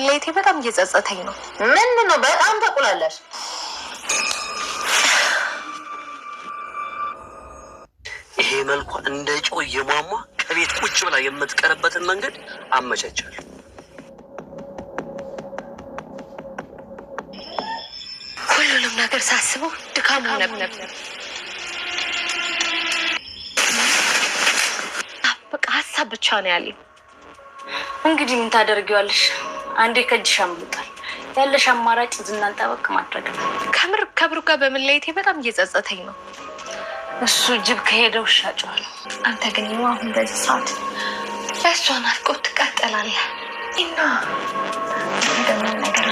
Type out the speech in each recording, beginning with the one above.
መለየቴ በጣም እየጸጸተኝ ነው። ምን ነው? በጣም ተቁላለች ይሄ መልኳ እንደ ጨው እየሟሟ ከቤት ቁጭ ብላ የምትቀርበትን መንገድ አመቻቻለሁ። ሁሉንም ነገር ሳስበው ድካም ሆነብኝ። በቃ ሀሳብ ብቻ ነው ያለኝ። እንግዲህ ምን ታደርጊዋለሽ? አንዴ ከእጅሽ አምልጧል። ያለሽ አማራጭ ዝናን ጠበቅ ማድረግ ነው። ከምር ከብሩ ጋር በመለየቴ በጣም እየጸጸተኝ ነው። እሱ ጅብ ከሄደው ውሻ አንተ ግን አሁን በዚህ ሰዓት በእሷ ናፍቆት ትቃጠላለህ እና ደግሞ ነገር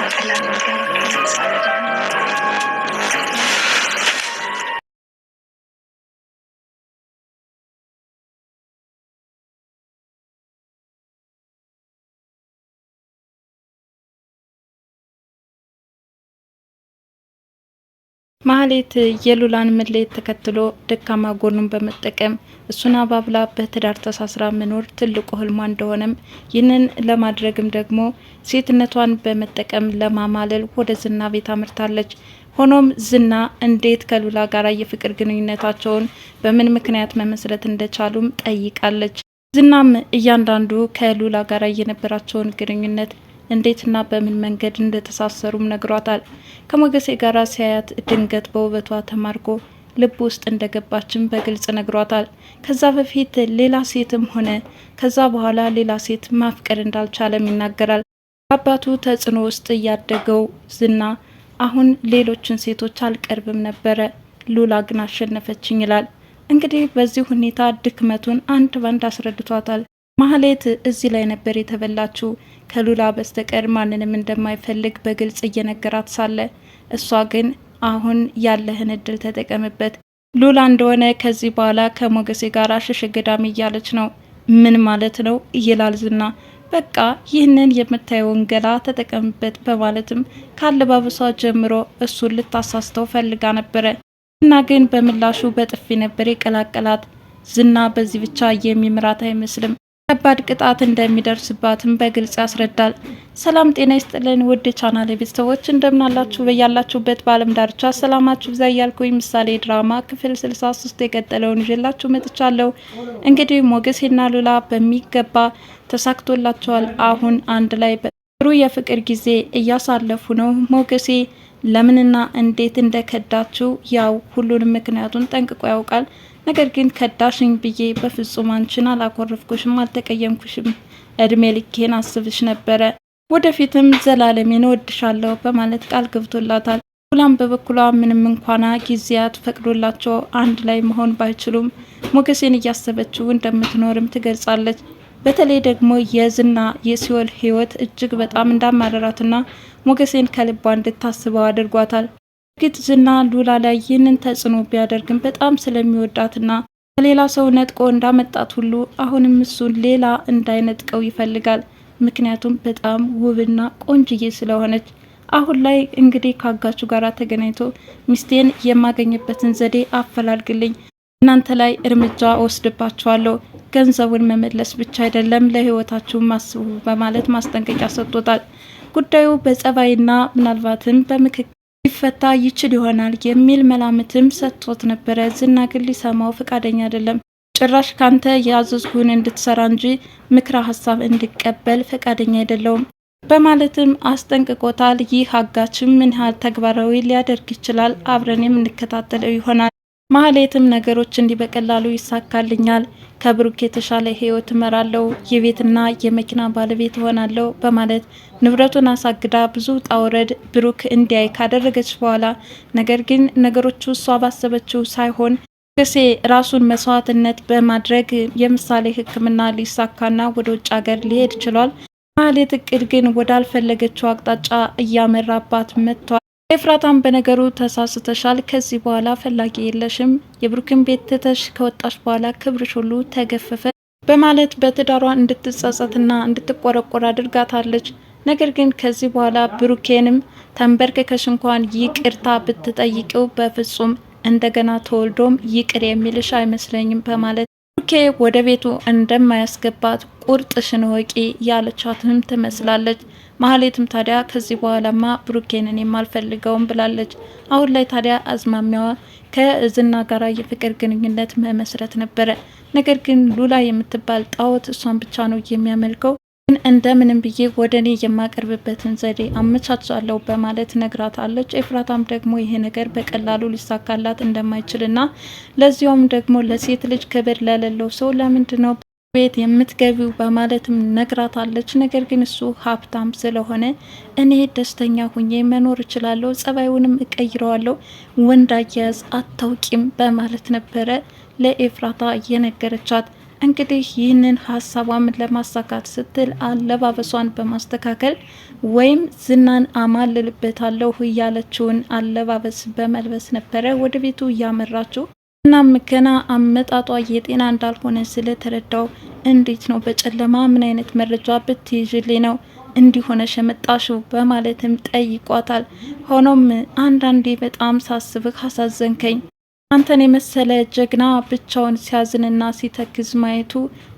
ማህሌት የሉላን መለየት ተከትሎ ደካማ ጎኑን በመጠቀም እሱን አባብላ በትዳር ተሳስራ መኖር ትልቁ ህልሟ እንደሆነም ይህንን ለማድረግም ደግሞ ሴትነቷን በመጠቀም ለማማለል ወደ ዝና ቤት አምርታለች። ሆኖም ዝና እንዴት ከሉላ ጋር የፍቅር ግንኙነታቸውን በምን ምክንያት መመስረት እንደቻሉም ጠይቃለች። ዝናም እያንዳንዱ ከሉላ ጋር የነበራቸውን ግንኙነት እንዴትና በምን መንገድ እንደተሳሰሩም ነግሯታል። ከሞገሴ ጋር ሲያያት ድንገት በውበቷ ተማርኮ ልብ ውስጥ እንደገባችን በግልጽ ነግሯታል። ከዛ በፊት ሌላ ሴትም ሆነ ከዛ በኋላ ሌላ ሴት ማፍቀር እንዳልቻለም ይናገራል። አባቱ ተጽዕኖ ውስጥ እያደገው ዝና አሁን ሌሎችን ሴቶች አልቀርብም ነበረ፣ ሉላ ግን አሸነፈችኝ ይላል። እንግዲህ በዚህ ሁኔታ ድክመቱን አንድ ባንድ አስረድቷታል። ማህሌት እዚህ ላይ ነበር የተበላችው። ከሉላ በስተቀር ማንንም እንደማይፈልግ በግልጽ እየነገራት ሳለ እሷ ግን አሁን ያለህን እድል ተጠቀምበት፣ ሉላ እንደሆነ ከዚህ በኋላ ከሞገሴ ጋር ሽሽግዳም እያለች ነው። ምን ማለት ነው ይላል ዝና። በቃ ይህንን የምታየውን ገላ ተጠቀምበት በማለትም ከአለባበሷ ጀምሮ እሱን ልታሳስተው ፈልጋ ነበረ እና ግን በምላሹ በጥፊ ነበር የቀላቀላት። ዝና በዚህ ብቻ የሚምራት አይመስልም። ከባድ ቅጣት እንደሚደርስባትም በግልጽ ያስረዳል። ሰላም ጤና ይስጥልን ውድ ቻናል ቤተሰቦች እንደምናላችሁ በያላችሁበት በአለም ዳርቻ ሰላማችሁ ብዛ እያልኩኝ ምሳሌ ድራማ ክፍል 63 የቀጠለውን ይዤላችሁ መጥቻለሁ። እንግዲህ ሞገሴና ሉላ በሚገባ ተሳክቶላቸዋል። አሁን አንድ ላይ ጥሩ የፍቅር ጊዜ እያሳለፉ ነው። ሞገሴ ለምንና እንዴት እንደከዳችው ያው ሁሉንም ምክንያቱን ጠንቅቆ ያውቃል። ነገር ግን ከዳሽኝ ብዬ በፍጹም አንቺን አላኮረፍኩሽም፣ አልተቀየምኩሽም። እድሜ ልኬን አስብሽ ነበረ፣ ወደፊትም ዘላለሜን እወድሻለሁ በማለት ቃል ገብቶላታል። ሁላም በበኩሏ ምንም እንኳና ጊዜያት ፈቅዶላቸው አንድ ላይ መሆን ባይችሉም ሞገሴን እያሰበችው እንደምትኖርም ትገልጻለች። በተለይ ደግሞ የዝና የሲኦል ህይወት እጅግ በጣም እንዳማረራትና ሞገሴን ከልቧ እንድታስበው አድርጓታል። እርግጥ ዝና ሉላ ላይ ይህንን ተጽዕኖ ቢያደርግም በጣም ስለሚወዳትና ከሌላ ሰው ነጥቆ እንዳመጣት ሁሉ አሁንም እሱን ሌላ እንዳይነጥቀው ይፈልጋል። ምክንያቱም በጣም ውብና ቆንጅዬ ስለሆነች አሁን ላይ እንግዲህ ካጋችሁ ጋር ተገናኝቶ ሚስቴን የማገኝበትን ዘዴ አፈላልግልኝ፣ እናንተ ላይ እርምጃ ወስድባችኋለሁ፣ ገንዘቡን መመለስ ብቻ አይደለም ለሕይወታችሁም ማስቡ በማለት ማስጠንቀቂያ ሰጥቶታል። ጉዳዩ በጸባይና ምናልባትም በምክክር ሊፈታ ይችል ይሆናል የሚል መላምትም ሰጥቶት ነበረ። ዝና ግን ሊሰማው ፈቃደኛ አይደለም። ጭራሽ ካንተ የአዘዝጉን እንድትሰራ እንጂ ምክረ ሀሳብ እንድቀበል ፈቃደኛ አይደለውም በማለትም አስጠንቅቆታል። ይህ አጋችም ምን ያህል ተግባራዊ ሊያደርግ ይችላል? አብረን የምንከታተለው ይሆናል። ማህሌትም ነገሮች እንዲህ በቀላሉ ይሳካልኛል፣ ከብሩክ የተሻለ ህይወት እመራለሁ፣ የቤትና የመኪና ባለቤት እሆናለሁ በማለት ንብረቱን አሳግዳ ብዙ ጣውረድ ብሩክ እንዲያይ ካደረገች በኋላ ነገር ግን ነገሮቹ እሷ ባሰበችው ሳይሆን ግሴ ራሱን መስዋዕትነት በማድረግ የምሳሌ ሕክምና ሊሳካና ወደ ውጭ ሀገር ሊሄድ ችሏል። ማህሌት እቅድ ግን ወዳልፈለገችው አቅጣጫ እያመራባት መጥቷል። ኤፍራታም በነገሩ ተሳስተሻል፣ ከዚህ በኋላ ፈላጊ የለሽም፣ የብሩክን ቤት ትተሽ ከወጣሽ በኋላ ክብርሽ ሁሉ ተገፈፈ በማለት በትዳሯ እንድትጸጸትና እንድትቆረቆር አድርጋታለች። ነገር ግን ከዚህ በኋላ ብሩኬንም ተንበርክከሽ እንኳን ይቅርታ ብትጠይቂው በፍጹም እንደገና ተወልዶም ይቅር የሚልሽ አይመስለኝም በማለት ብሩኬ ወደ ቤቱ እንደማያስገባት ቁርጥ ሽንወቂ ያለቻትም ትመስላለች። ማህሌትም ታዲያ ከዚህ በኋላማ ብሩኬንን የማልፈልገውም ብላለች። አሁን ላይ ታዲያ አዝማሚያዋ ከዝና ጋር የፍቅር ግንኙነት መመስረት ነበረ። ነገር ግን ሉላ የምትባል ጣዖት እሷን ብቻ ነው የሚያመልከው። እንደምንም ብዬ ወደ እኔ የማቀርብበትን ዘዴ አመቻቻለሁ በማለት ነግራታለች። ኤፍራታም ደግሞ ይሄ ነገር በቀላሉ ሊሳካላት እንደማይችልና ለዚያውም ደግሞ ለሴት ልጅ ክብር ለሌለው ሰው ለምንድን ነው ቤት የምትገቢው በማለትም ነግራታለች። ነገር ግን እሱ ሀብታም ስለሆነ እኔ ደስተኛ ሁኜ መኖር እችላለሁ፣ ጸባዩንም እቀይረዋለሁ፣ ወንድ አያያዝ አታውቂም በማለት ነበረ ለኤፍራታ የነገረቻት። እንግዲህ ይህንን ሀሳቧን ለማሳካት ስትል አለባበሷን በማስተካከል ወይም ዝናን አማልልበታለሁ እያለችውን አለባበስ በመልበስ ነበረ ወደ ቤቱ እያመራችው። እናም ገና አመጣጧ የጤና እንዳልሆነ ስለተረዳው እንዴት ነው በጨለማ ምን አይነት መረጃ ብትይዥልኝ ነው እንዲሆነ ሸመጣሹ በማለትም ጠይቋታል። ሆኖም አንዳንዴ በጣም ሳስብህ አሳዘንከኝ አንተን የመሰለ ጀግና ብቻውን ሲያዝንና ሲተክዝ ማየቱ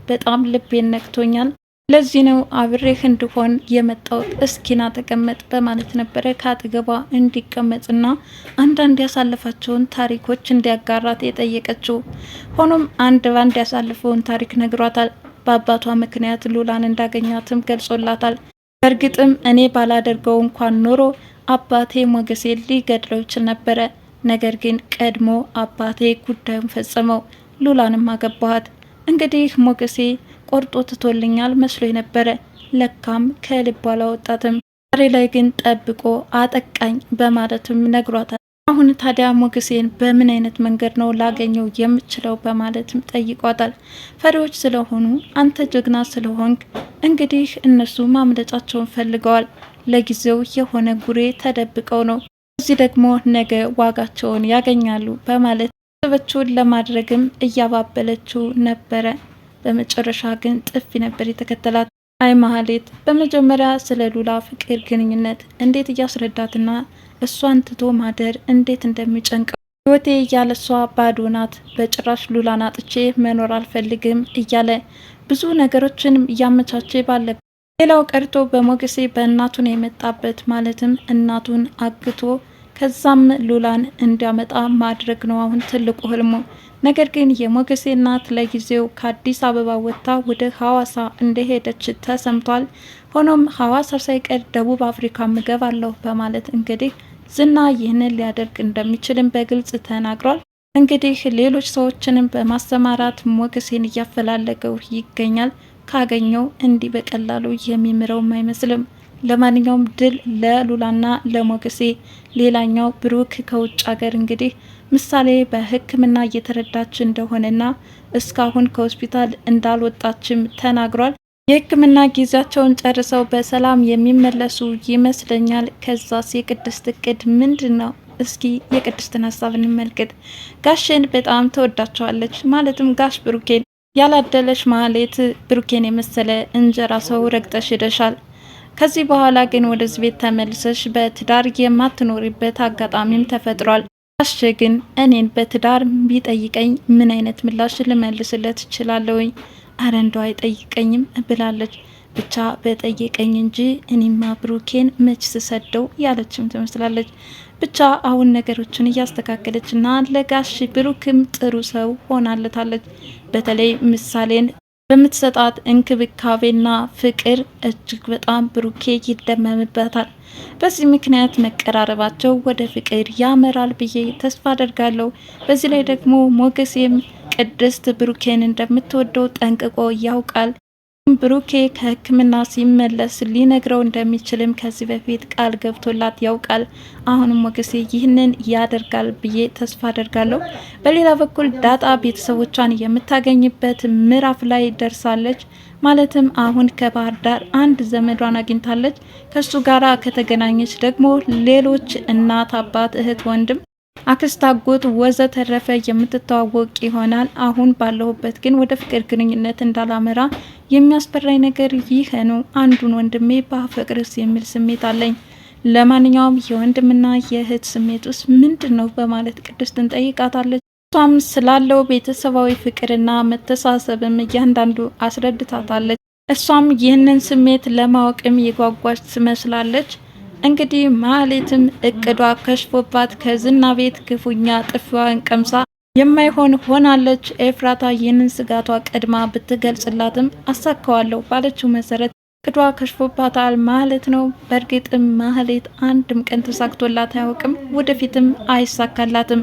በጣም ልቤን ነክቶኛል። ለዚህ ነው አብሬህ እንድሆን የመጣሁት፣ እስኪና ተቀመጥ በማለት ነበረ ከአጠገቧ እንዲቀመጥና አንዳንድ ያሳለፋቸውን ታሪኮች እንዲያጋራት የጠየቀችው። ሆኖም አንድ ባንድ ያሳለፈውን ታሪክ ነግሯታል። በአባቷ ምክንያት ሉላን እንዳገኛትም ገልጾላታል። በእርግጥም እኔ ባላደርገው እንኳን ኖሮ አባቴ ሞገሴ ሊገድለው ይችል ነበረ ነገር ግን ቀድሞ አባቴ ጉዳዩን ፈጸመው፣ ሉላንም አገባኋት። እንግዲህ ሞገሴ ቆርጦ ትቶልኛል መስሎ የነበረ ለካም ከልቧ አላወጣትም። ዛሬ ላይ ግን ጠብቆ አጠቃኝ በማለትም ነግሯታል። አሁን ታዲያ ሞገሴን በምን አይነት መንገድ ነው ላገኘው የምችለው በማለትም ጠይቋታል። ፈሪዎች ስለሆኑ አንተ ጀግና ስለሆንክ እንግዲህ እነሱ ማምለጫቸውን ፈልገዋል። ለጊዜው የሆነ ጉሬ ተደብቀው ነው እዚህ ደግሞ ነገ ዋጋቸውን ያገኛሉ በማለት ሰበቹን ለማድረግም እያባበለችው ነበረ። በመጨረሻ ግን ጥፊ ነበር የተከተላት። አይ ማህሌት በመጀመሪያ ስለ ሉላ ፍቅር ግንኙነት እንዴት እያስረዳትና እሷን ትቶ ማደር እንዴት እንደሚጨንቀው ህይወቴ እያለ እሷ ባዶ ናት፣ በጭራሽ ሉላን አጥቼ መኖር አልፈልግም እያለ ብዙ ነገሮችንም እያመቻቼ ባለበት ሌላው ቀርቶ በሞገሴ በእናቱን የመጣበት ማለትም እናቱን አግቶ ከዛም ሉላን እንዲያመጣ ማድረግ ነው አሁን ትልቁ ህልሙ። ነገር ግን የሞገሴ እናት ለጊዜው ከአዲስ አበባ ወጥታ ወደ ሀዋሳ እንደሄደች ተሰምቷል። ሆኖም ሀዋሳ ሳይቀር ደቡብ አፍሪካ አለሁ በማለት እንግዲህ ዝና ይህንን ሊያደርግ እንደሚችልም በግልጽ ተናግሯል። እንግዲህ ሌሎች ሰዎችንም በማሰማራት ሞገሴን እያፈላለገው ይገኛል። ካገኘው እንዲህ በቀላሉ የሚምረውም አይመስልም። ለማንኛውም ድል ለሉላና ለሞገሴ። ሌላኛው ብሩክ ከውጭ ሀገር እንግዲህ ምሳሌ በሕክምና እየተረዳች እንደሆነና እስካሁን ከሆስፒታል እንዳልወጣችም ተናግሯል። የሕክምና ጊዜያቸውን ጨርሰው በሰላም የሚመለሱ ይመስለኛል። ከዛስ የቅድስት እቅድ ምንድን ነው? እስኪ የቅድስትን ሀሳብ እንመልከት። ጋሽን በጣም ተወዳቸዋለች። ማለትም ጋሽ ብሩኬን ያላደለች ማህሌት ብሩኬን የመሰለ እንጀራ ሰው ረግጠሽ ሄደሻል። ከዚህ በኋላ ግን ወደዚህ ቤት ተመልሰሽ በትዳር የማትኖሪበት አጋጣሚም ተፈጥሯል። አሸ ግን እኔን በትዳር ቢጠይቀኝ ምን አይነት ምላሽ ልመልስለት እችላለሁኝ? አረ እንደው አይጠይቀኝም ብላለች። ብቻ በጠየቀኝ እንጂ እኔማ ብሩኬን መች ስሰደው ያለችም ትመስላለች። ብቻ አሁን ነገሮችን እያስተካከለች እና ለጋሽ ብሩክም ጥሩ ሰው ሆናለታለች። በተለይ ምሳሌን በምትሰጣት እንክብካቤና ፍቅር እጅግ በጣም ብሩኬ ይደመምበታል። በዚህ ምክንያት መቀራረባቸው ወደ ፍቅር ያመራል ብዬ ተስፋ አደርጋለሁ። በዚህ ላይ ደግሞ ሞገሴም ቅድስት ብሩኬን እንደምትወደው ጠንቅቆ ያውቃል። ብሩኬ ከህክምና ሲመለስ ሊነግረው እንደሚችልም ከዚህ በፊት ቃል ገብቶላት ያውቃል። አሁንም ሞገሴ ይህንን ያደርጋል ብዬ ተስፋ አደርጋለሁ። በሌላ በኩል ዳጣ ቤተሰቦቿን የምታገኝበት ምዕራፍ ላይ ደርሳለች። ማለትም አሁን ከባህር ዳር አንድ ዘመዷን አግኝታለች። ከሱ ጋራ ከተገናኘች ደግሞ ሌሎች እናት፣ አባት፣ እህት፣ ወንድም አክስታጎት ወዘተረፈ የምትተዋወቅ ይሆናል። አሁን ባለሁበት ግን ወደ ፍቅር ግንኙነት እንዳላመራ የሚያስፈራኝ ነገር ይህ ነው። አንዱን ወንድሜ ባፈቅርስ የሚል ስሜት አለኝ። ለማንኛውም የወንድምና የእህት ስሜት ውስጥ ምንድን ነው በማለት ቅድስትን ጠይቃታለች። እሷም ስላለው ቤተሰባዊ ፍቅርና መተሳሰብም እያንዳንዱ አስረድታታለች። እሷም ይህንን ስሜት ለማወቅም የጓጓች ትመስላለች። እንግዲህ ማህሌትም እቅዷ ከሽፎባት ከዝና ቤት ክፉኛ ጥፊዋን ቀምሳ የማይሆን ሆናለች። ኤፍራታ ይህንን ስጋቷ ቀድማ ብትገልጽላትም አሳካዋለሁ ባለችው መሰረት እቅዷ ከሽፎባታል ማለት ነው። በእርግጥም ማህሌት አንድም ቀን ተሳክቶላት አያውቅም፣ ወደፊትም አይሳካላትም።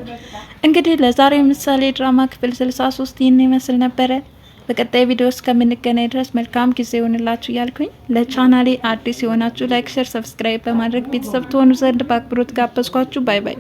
እንግዲህ ለዛሬ ምሳሌ ድራማ ክፍል 63 ይህን ይመስል ነበረ። በቀጣይ ቪዲዮ እስከምንገናኝ ድረስ መልካም ጊዜ ይሆንላችሁ እያልኩኝ ለቻናሌ አዲስ የሆናችሁ ላይክ፣ ሸር፣ ሰብስክራይብ በማድረግ ቤተሰብ ትሆኑ ዘንድ በአክብሮት ጋበዝኳችሁ። ባይ ባይ።